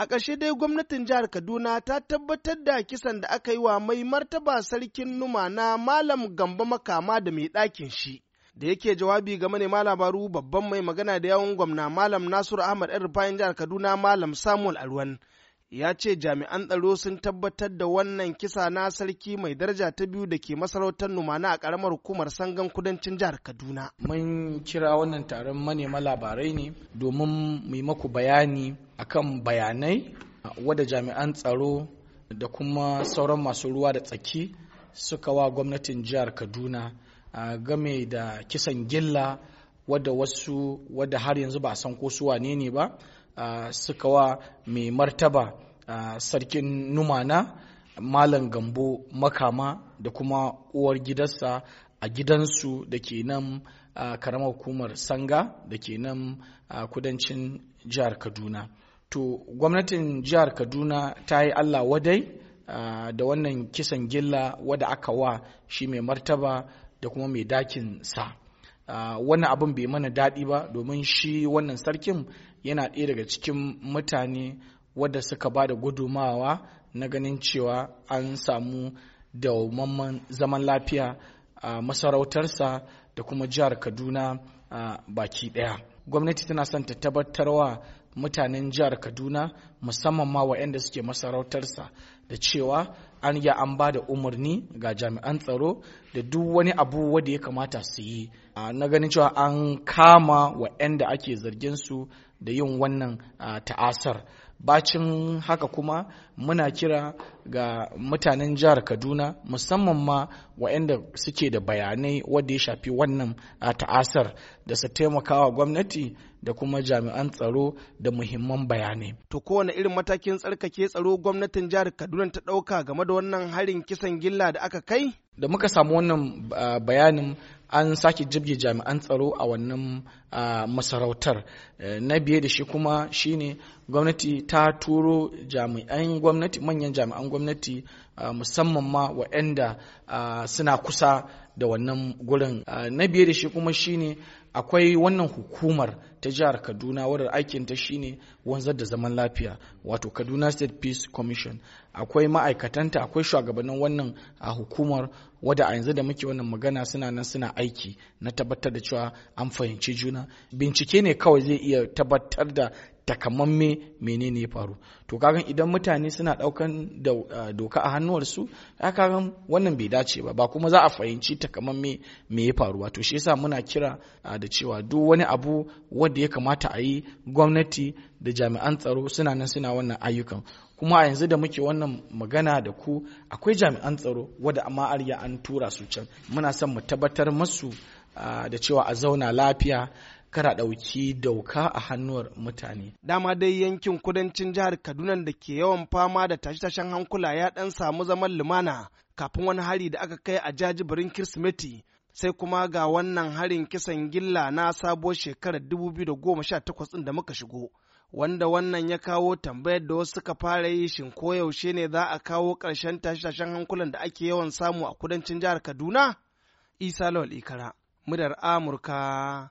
A ƙarshe dai gwamnatin jihar Kaduna ta tabbatar da kisan da aka yi wa mai martaba sarkin numa na Malam Gambo Makama da mai ɗakin shi. Da yake jawabi ga manema labaru babban mai magana da yawon gwamna Malam Nasiru Ahmad ɗan rufayin jihar Kaduna Malam Samuel Alwan. Ya ce jami'an tsaro sun tabbatar da wannan kisa na sarki mai daraja ta biyu da ke masarautar Numana a ƙaramar hukumar sangan kudancin jihar Kaduna. Mun kira wannan taron manema labarai ne domin mu yi maku bayani akan bayanai wadda jami'an tsaro da kuma sauran masu ruwa da tsaki suka wa gwamnatin jihar kaduna game da kisan gilla wadda wasu wadda har yanzu ba san ko su wane ne ba suka wa mai martaba sarkin numana malam gambo makama da kuma uwar gidansa a gidansu da ke nan karamar hukumar sanga da ke nan kudancin jihar kaduna to gwamnatin jihar kaduna ta yi allah wadai ah, da wannan kisan gilla wadda aka wa shi mai martaba da kuma mai dakin sa ah, wannan abin bai mana daɗi ba domin shi wannan sarkin yana ɗaya daga cikin mutane wadda suka ba da gudumawa na ganin cewa an samu mamman zaman lafiya a masarautarsa da kuma jihar kaduna ah, baki ɗaya gwamnati tana son ta tabbatarwa mutanen jihar kaduna musamman ma waɗanda suke masarautarsa da cewa an ya an ba da umarni ga jami'an tsaro da duk wani abu wanda ya kamata su yi na ganin cewa an kama waɗanda ake zargin su da yin wannan ta'asar bacin haka kuma muna kira ga mutanen jihar kaduna musamman ma waɗanda suke da bayanai wadda ya shafi wannan ta'asar da su taimakawa gwamnati da kuma jami'an tsaro da muhimman bayanai to wani irin matakin tsarkake tsaro gwamnatin jihar Kaduna ta ɗauka game da wannan harin kisan gilla da aka kai? Da muka samu wannan bayanin an sake jibge jami'an tsaro a wannan masarautar. E, na biye da shi kuma shine gwamnati ta turo jami'an gwamnati manyan jami'an gwamnati musamman ma waɗanda suna kusa da wannan gurin na biye da shi kuma shine akwai wannan hukumar ta jihar kaduna wadda aikin ta shine wanzar da zaman lafiya wato kaduna state peace commission akwai ma'aikatanta akwai shugabannin wannan a hukumar wadda a yanzu da muke wannan magana suna nan suna aiki na tabbatar da cewa an fahimci juna bincike ne kawai zai iya tabbatar da takamamme menene ya faru to kagan idan mutane suna daukan eh, doka a hannuwarsu ya kagan wannan bai dace ba ba kuma za a fahimci takamamme me ya faru to shi yasa muna kira eh, da cewa duk wani abu wanda ya kamata a yi gwamnati da jami'an tsaro suna nan suna wannan ayyukan kuma a yanzu da muke wannan magana da ku akwai jami'an tsaro wadda amma arya an tura su can muna son mu tabbatar masu eh, da cewa a zauna lafiya kara ɗauki dauka a hannuwar mutane. Dama dai yankin kudancin jihar Kaduna da ke yawan fama da tashe-tashen hankula ya ɗan samu zaman lumana kafin wani hari da aka kai a jajibirin Kirsimeti. Sai kuma ga wannan harin kisan gilla na sabuwar shekarar 2018 ɗin da muka shigo. Wanda wannan ya kawo tambayar da wasu suka fara yi shin ko yaushe ne za a kawo ƙarshen tashe-tashen hankulan da ake yawan samu a kudancin jihar Kaduna? Isa Lawal Ikara, Mudar Amurka,